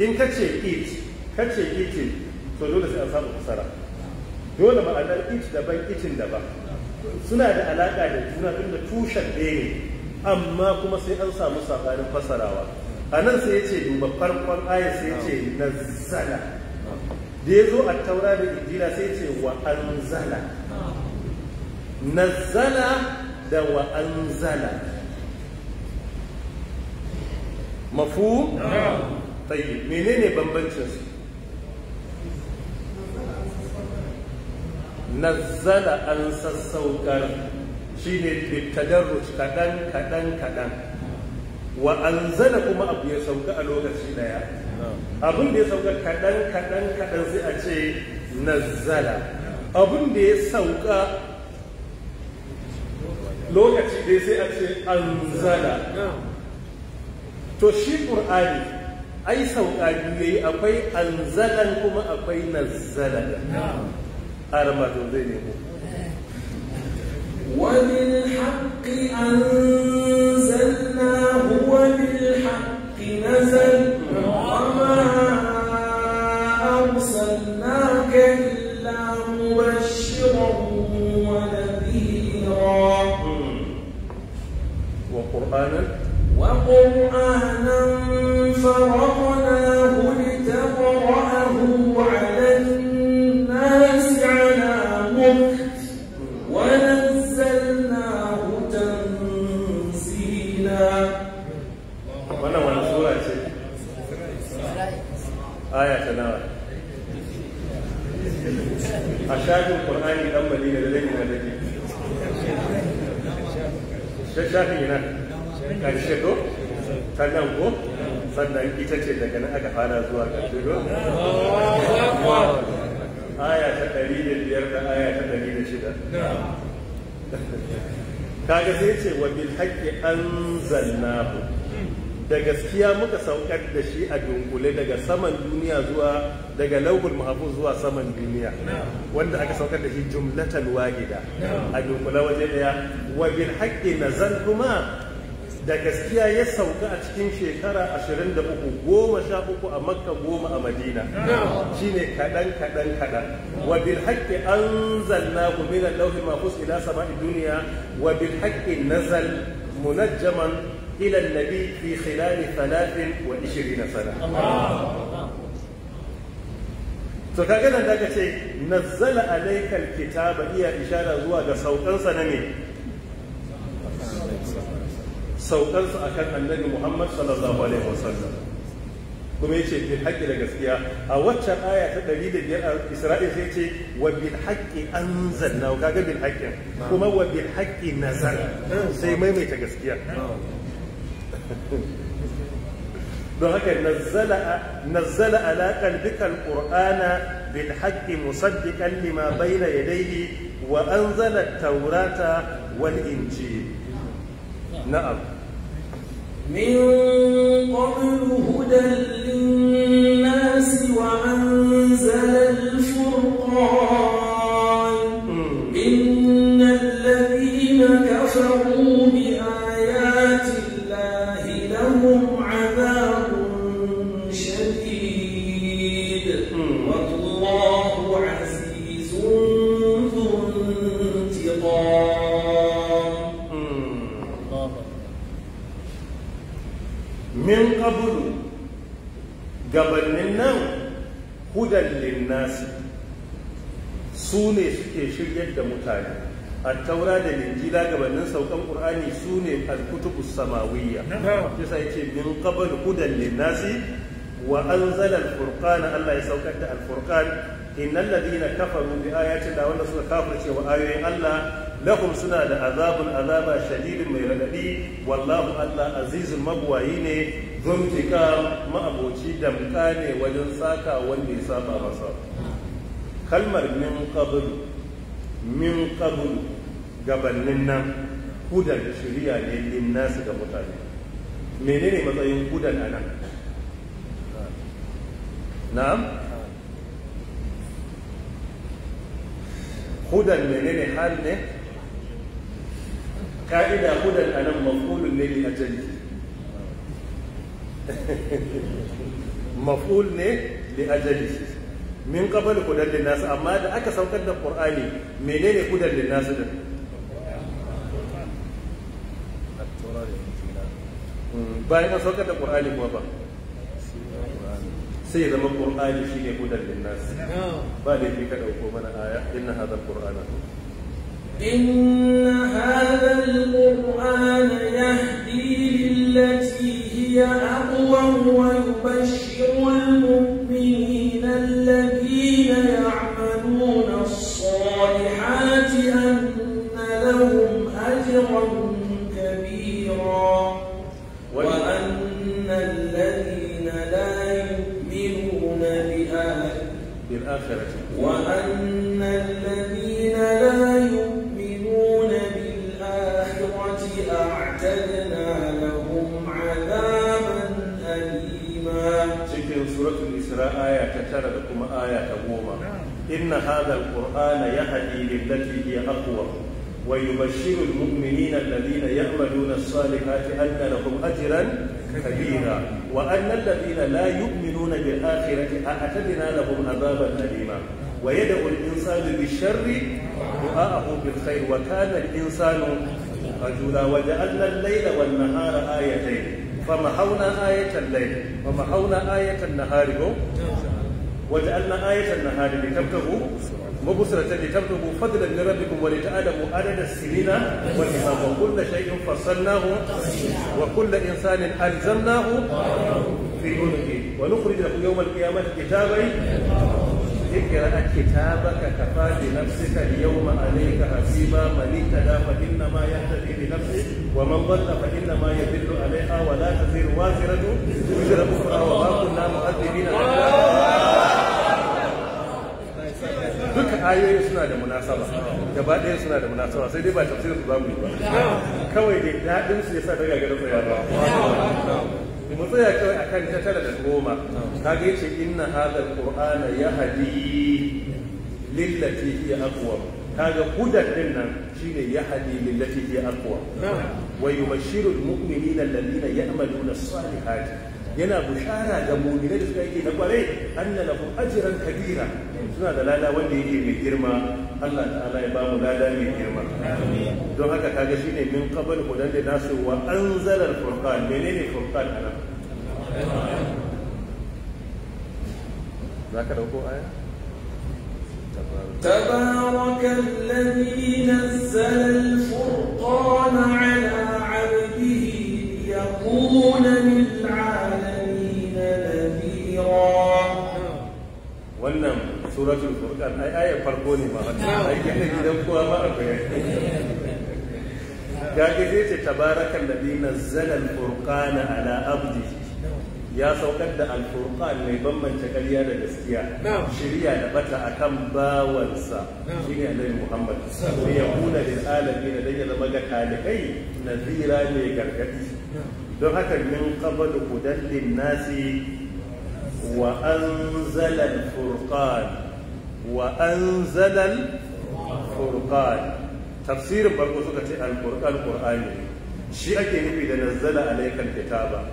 in ka ce it kace itin to dole sai an samu kusara dole ma'anar it daban itin daban suna da alaka da juna tunda tushen ɗaya ne amma kuma sai an samu sabanin fasarawa a nan sai ya ce duba farkon aya sai ya ce nazzala da ya zo a taura da injila sai ya ce wa anzala nazzala da wa anzala mafu menene bambancin su nazzala an sassaukar ne bitadarruj kaɗan kaɗan kaɗan wa anzala kuma abu ya sauka a lokaci daya abin da ya sauka kaɗan kaɗan kaɗan sai a ce nazzala abin da ya sauka lokaci dai sai a ce anzala to shi ƙur'ani ai sauka biyu yayi akwai anzalan kuma akwai nazzala أنا ما توديني وبالحق أنزلناه وبالحق نزل وما أرسلناك إلا مبشرا ونذيرا وقرآنا وقرآنا فرقنا aya ta nawa a shafin qur'ani dan madina da zai na dake sai shafin yana karshe ko ta nan sannan ita ce daga nan aka fara zuwa karshe ko aya ta ɗari da biyar da aya ta ɗari da shida sai ce da gaskiya muka saukar da shi a dunkule daga saman duniya zuwa daga laubul mahabu zuwa saman duniya wanda aka saukar da shi jumlatan wahida a dunkule waje daya wa bil haqqi nazal kuma da gaskiya ya sauka a cikin shekara 23 goma sha uku a makka goma a madina shine kaɗan kaɗan kaɗan wa bil haqqi anzalnahu min al-lawhi mahfuz ila sama'i duniya wa bil haqqi nazal munajjaman إلى النبي في خلال ثلاث وعشرين سنة to kaga nan da kace nazzala alaikal kitaba iya ishara zuwa ga saukansa na me saukansa akan annabi Muhammad sallallahu alaihi wasallam kuma yace bil haqqi da gaskiya a waccan aya ta ɗari da biyar a Isra'il sai yace wa bil haqqi anzalna kaga bil haqqi kuma wa bil haqqi nazala sai maimaita gaskiya [LAUGHS] don haka nazzala ala qalbika alqur'ana bil haqqi musaddiqan lima bayna yadayhi wa anzala at-taurata wal injil na'am min qablu hudan lin-nasi wa anzala al-furqana min qabl hudan linnasi wa anzala al Allah ya saukar da al-furqan innal ladina kafaru bi ayati da wanda suka kafirce wa ayoyin Allah lahum suna da azabun azaba shadidin mai radadi wallahu Allah azizul mabwayi ne zumtika ma'aboci damka ne wajen saka wanda ya saba masa kalmar min qabl min qabl gabanin nan hudan shiriya ne linnasi ga mutane menene matsayin gudan a nan na'am Gudan menene hal ne ka'ida gudan a nan mafulun ne a ajali [LAUGHS] maful ne li ajali min qabl gudan din nas amma da aka saukar da qur'ani menene gudan lin nas din at-turari Mm, bayan an saukar da qur'ani kuma ba sai zama qur'ani shine hudan linnas ba da fi ka ɗauko mana aya inna hadha qur'ana inna hadha وأن الذين لا يؤمنون بالآخرة أعتدنا لهم عذابا أليما cikin suratul isra aya ta tara da kuma aya ta goma inna hadha alqur'ana yahdi lillati hiya aqwa wa yubashshiru almu'minina alladhina ya'maluna as-salihati anna lahum ajran kabira وأن الذين لا يؤمنون بالآخرة أعتدنا لهم عذابا أليما ويدعو الإنسان بالشر دعاءه بالخير وكان الإنسان رجلا وجعلنا الليل والنهار آيتين فمحونا آية الليل ومحونا آية النهار وجعلنا آية النهار لتبتغوا مبصرة لتبلغوا فضلا من ربكم ولتعلموا عدد السنين والحساب وكل شيء فصلناه وكل إنسان ألزمناه في عنقه ونخرج له يوم القيامة كتابا اقرأ كتابك كفى بنفسك اليوم عليك حسيبا من اهتدى فإنما يهتدي لنفسه ومن ضل فإنما يدل عليها ولا تزير وازرة وزر أخرى وما كنا مؤذبين ayoyin suna da munasaba gaba ɗaya suna da munasaba sai dai ba tafsirin su zamu yi ba kawai dai daɗin su yasa ta gagara tsaya ba mu tsaya kawai akan ta tara da goma kaga yace inna hadal qur'ana yahdi lillati hiya aqwa kaga hudan din nan shine yahdi lillati hiya aqwa wa yubashshiru almu'minina alladhina ya'maluna as-salihati yana bushara ga mu'minai da suka yake na kware anna ajran kabira suna da lada wanda yake mai girma Allah ta'ala ya bamu lada mai girma don haka kaga ne min kabar hudan da nasu wa anzala al-furqan menene furqan anan ka dauko aya تبارك الذي نزل الفرقان على عبده ليكون للعالمين نذيرا wannan suratul furqan ai ayar farko ne ma ai gidan gidan kowa ma akwai ga gidan ce tabarakan ladhi nazzala al-furqana ala ya saukar da alfurqan mai bambance ƙarya da gaskiya shirya da bata akan bawansa shine annabi Muhammad sai ya kula lil alamin da ya zama ga talibai nazira ne gargadi don haka min qablu hudan nasi وأنزل الفرقان وأنزل الفرقان تفسير برقصة القرآن القرآن shi ake nufi da nanzara alaikal kitaba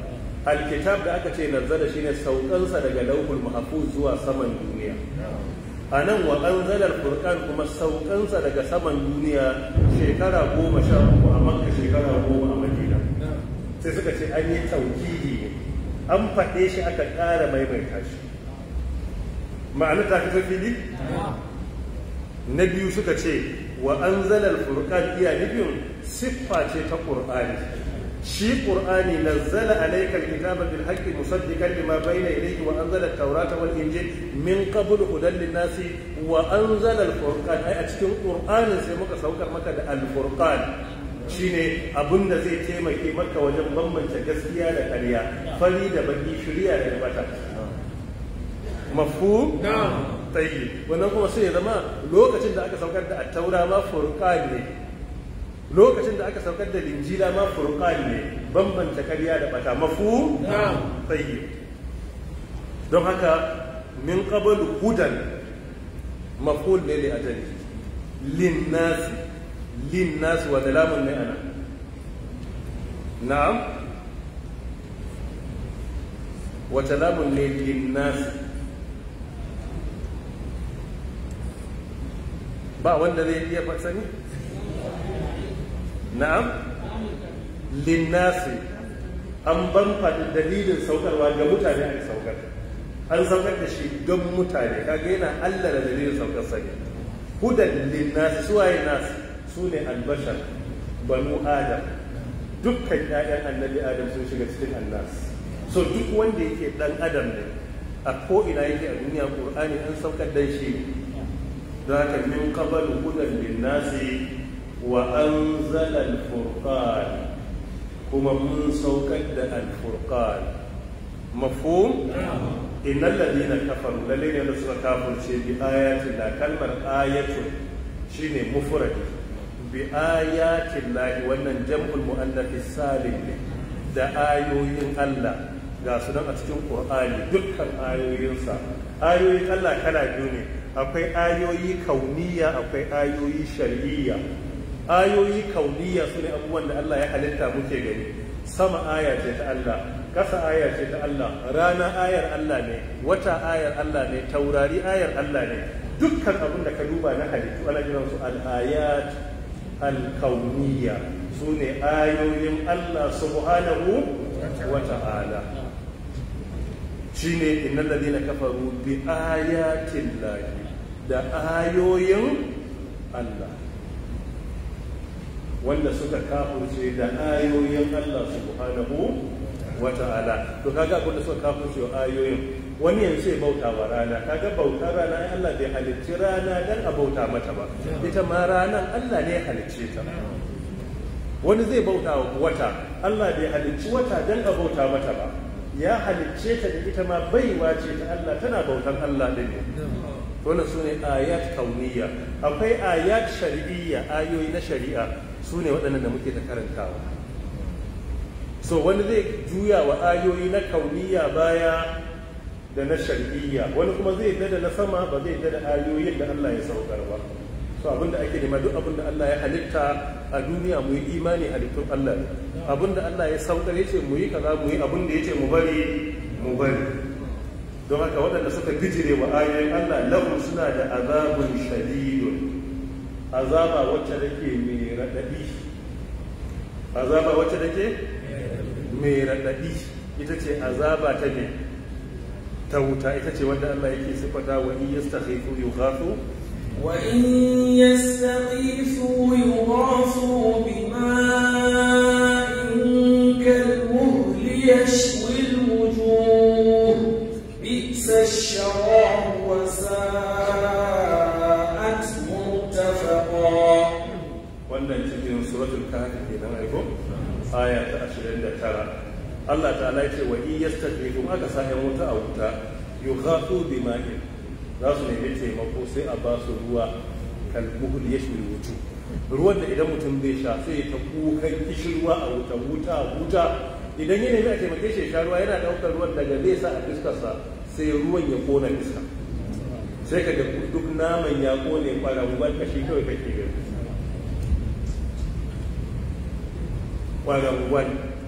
alkitab da aka ce nazzala shine saukansa daga lauhul mahfuz zuwa saman duniya a nan wa anzala kuma saukansa daga saman duniya shekara goma sha uku a makka shekara goma a sai suka ce an yi an faɗe shi aka ƙara maimaita shi ma'ana ta fito fili na biyu suka ce wa an zalar furkan iya nufin siffa ce ta ƙur'ani shi ƙur'ani na zala alaikar kitaba bil haƙƙi musaddiqan lima bayna ilayhi wa anzala taurata wani injil min qablu hudan nasi wa an al furqan ai a cikin ƙur'anin sai muka saukar maka da alfurkan. shine abin da zai taimake maka wajen bambance gaskiya da ƙarya fari da baki shirya da bata mafu tayi wannan kuma sai ya zama lokacin da aka saukar da attaura ma furqan ne lokacin da aka saukar da linjila ma furqan ne bambance ƙarya da bata mafu tayi don haka min qablu hudan maful ne li ajali lin nasi lin nasu wani lamun ne ana na'am wata lamun ne lin nasu ba wanda zai iya fasani na'am lin nasu an ban faɗi dalilin saukarwa ga mutane a saukar an saukar da shi don mutane kaga yana allah da dalilin saukar sani hudan lin nasu suwaye nasu su ne albashar banu adam dukkan 'ya'yan annabi adam sun shiga cikin annas so duk wanda yake dan adam ne a ko'ina yake a duniya ƙur'ani an saukar dan shi za ka min qabalu hudan nasi wa an al-furqan kuma mun saukar da al-furqan mafhum innal ladina kafaru lalle ne da suka kafirce bi ayatin da kalmar ayatun shine mufradi bi ayatin lahi wannan jam'ul mu'annafi salim ne da ayoyin Allah ga su nan a cikin Qur'ani dukkan ayoyinsa ayoyin Allah kala biyu ne akwai ayoyi kauniya akwai ayoyi shar'iyya ayoyi kauniya su ne abubuwan da Allah ya halitta muke gani sama aya ce ta Allah Kasa aya ce ta Allah rana ayar Allah ne wata ayar Allah ne taurari ayar Allah ne dukkan abin da ka duba na halittu ana su al-ayat alkauniya su ne ayoyin Allah subhanahu wa ta'ala shi ne inna ladina kafaru bi ayatin lahi da ayoyin Allah wanda suka kafurce da ayoyin Allah subhanahu wa ta'ala to kaga abin suka kafurce ayoyin wani yanzu ya bauta wa rana kaga bauta rana ai Allah bai halicci rana dan a bauta mata ba ita ma ranan Allah ne ya halicce ta wani zai bauta wa wata Allah bai halicci wata dan a bauta mata ba ya halicce ta da ita ma baiwa ce ta Allah tana bautan Allah din wannan su ne ayat kauniya akwai ayat shari'iyya ayoyi na shari'a sune ne da muke ta karantawa so wani zai juya wa ayoyi na kauniya baya da na shari'iyya wani kuma zai dada da na sama ba zai dada da ayoyin da Allah ya saukar ba so abinda ake nema duk abinda Allah ya halitta a duniya mu yi imani halittun Allah ne abinda Allah ya saukar ya ce mu yi kaza mu yi abinda ya ce mu bari mu bari don haka waɗanda suka gijire wa ayoyin Allah lahu suna da azabun shadidun azaba wacce take mai raɗaɗi azaba wacce take mai raɗaɗi ita ce azaba ta ne ta wuta ita ce wanda Allah yake sifata wa in yastaghithu yughathu wa in yastaghithu yughathu bima'in kalmuhli yashwi alwujuh bi'sa ash-sharab wa sa'at murtafaqa wannan cikin suratul kahf kenan aiko aya ta 29 Allah ta ya ce wa in yastadrikum aka sa yan wuta a wuta yughatu bima'in za su nemi taimako sai a ba su ruwa ya shi wujuh ruwan da idan mutum bai sha sai ya ta kukan ruwa a wuta wuta wuta idan yana nemi a taimake shi sha ruwa yana daukar ruwan daga zai sa a fiskarsa sai ruwan ya kona iska sai ka duk naman ya kone kwararruwan kashi kawai kake gani kwararruwan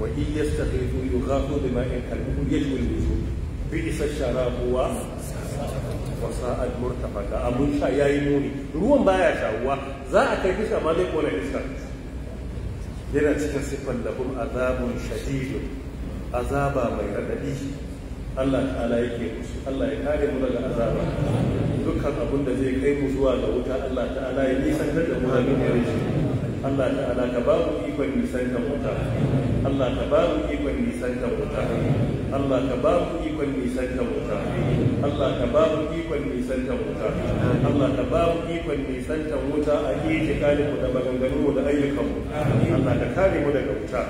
وإن يستغيثوا يغاثوا بماء كالمهل يشوي الوجوه بئس الشراب wasa'ad murtafaka abun sha yayi muni ruwan baya shawuwa za a kai kishi amma zai kona iska yana cikin siffar lahum azabun shadidun azaba mai radadi Allah ta'ala yake musu Allah ya kare mu daga azaba dukkan abun da zai kai mu zuwa ga wuta Allah ta'ala ya da Allah ta'ala ka ba mu ikon nisantar wuta Allah ka ba mu ikon nisan da wuta Allah ka ba mu ikon nisan da wuta Allah ka ba mu ikon nisan da wuta Allah ka ba mu ikon nisan da wuta a iya kare mu da maganganu mu da ayyukan mu Allah ka kare mu daga wuta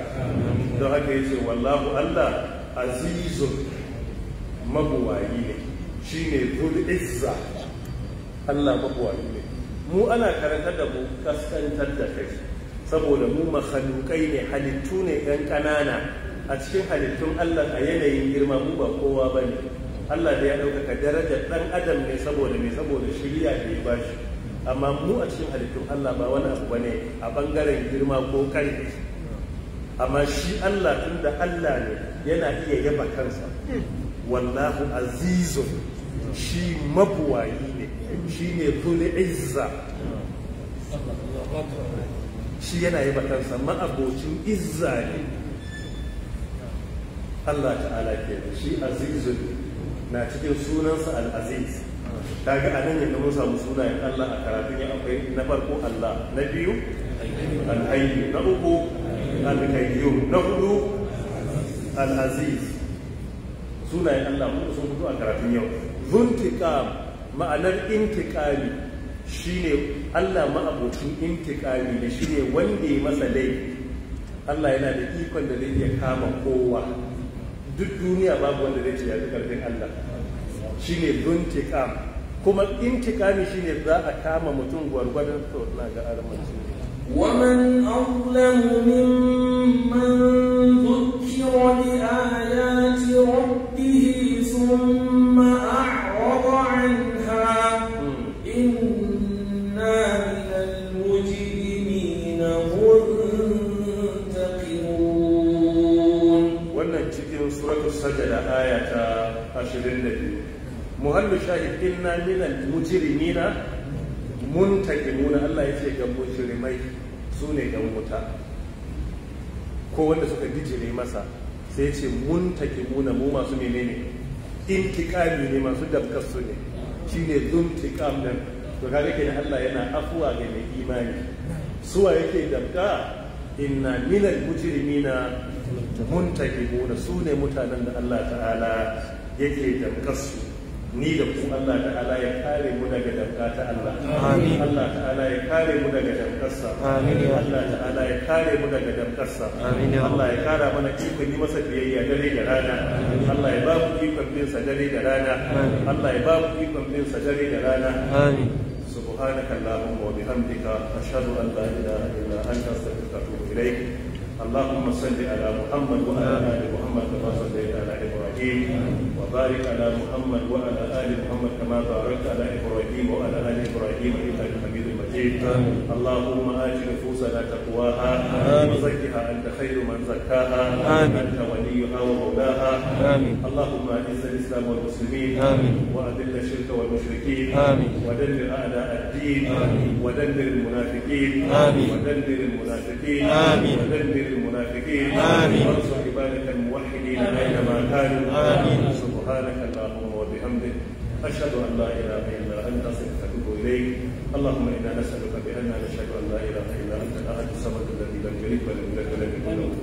don haka yace wallahu Allah azizun mabuwayi ne shine zul izza Allah mabuwayi ne mu ana karantar da mu kaskantar da kai saboda mu mahalukai ne halittu ne ɗan ƙanana a cikin halittun Allah a yanayin girma mu ba kowa ba ne Allah da ya ɗaukaka daraja ɗan adam ne saboda ne saboda shirya da ya ba shi amma mu a cikin halittun Allah ba wani abu ne a ɓangaren girma ko ƙarfi amma shi Allah tun da Allah ne yana iya yaba kansa wallahu azizun shi mabuwayi ne shi ne izza shi yana yi bakansa ma'abocin izza Allah ta'ala ke shi azizun na cikin sunansa al-aziz kaga a nan yadda mun samu sunayen Allah a karatun ya akwai na farko Allah na biyu al-hayyu na uku al-qayyum na hudu al-aziz sunayen Allah mun sun fito a karatun yau zuntiqam ma'anar intiqami shine Allah ma'abocin intikami ne shine wanda ya masa laifi Allah yana da ikon da zai iya kama kowa duk duniya babu wanda zai ce ya fi karfin Allah shine buntikam kuma intikami shine za a kama mutum gwargwadon to na ga armanci ومن أظلم ممن ذكر بآيات ربه ثم cikin suratu sajada aya ta 22 muhallu shahid inna minal mujrimina muntakimuna Allah ya ce ga mujrimai su ne ga wuta ko wanda suka bijire masa sai ce muntakimuna mu masu menene intikami ne masu dabkar su ne shine zuntikam nan to kaga kenan Allah yana afuwa ga mai imani suwa yake dabka inna minal mujrimina muntakibuna su ne mutanen da Allah ta'ala yake su ni da ku Allah ta'ala ya kare mu daga damka ta Allah amin Allah ta'ala ya kare mu daga damkarsa amin Allah ta'ala ya kare mu daga damkarsa amin Allah ya kara mana ikon yi masa biyayya dare da rana Allah ya ba mu ikon bin sa dare da rana Allah ya ba mu ikon bin sa dare da rana amin subhanaka allahumma wa bihamdika ashhadu an la ilaha illa anta astaghfiruka wa atubu ilayk اللهم صل على محمد وعلى ال محمد كما صليت على ابراهيم وبارك على محمد وعلى ال محمد كما باركت على ابراهيم وعلى ال ابراهيم انك حميد الرجيم اللهم آت نفوسنا تقواها وزكها أنت خير من زكاها أنت وليها ومولاها اللهم أعز الإسلام والمسلمين وأذل الشرك والمشركين ودمر أعداء الدين ودمر المنافقين ودمر المنافقين ودمر المنافقين وانصر عبادك الموحدين أينما كانوا سبحانك اللهم وبحمدك أشهد أن لا إله إلا أنت أستغفرك إليك اللهم انا نسالك بان نشهد ان لا اله الا انت الاحد الصمد الذي لم يلد ولم يولد ولم يكن له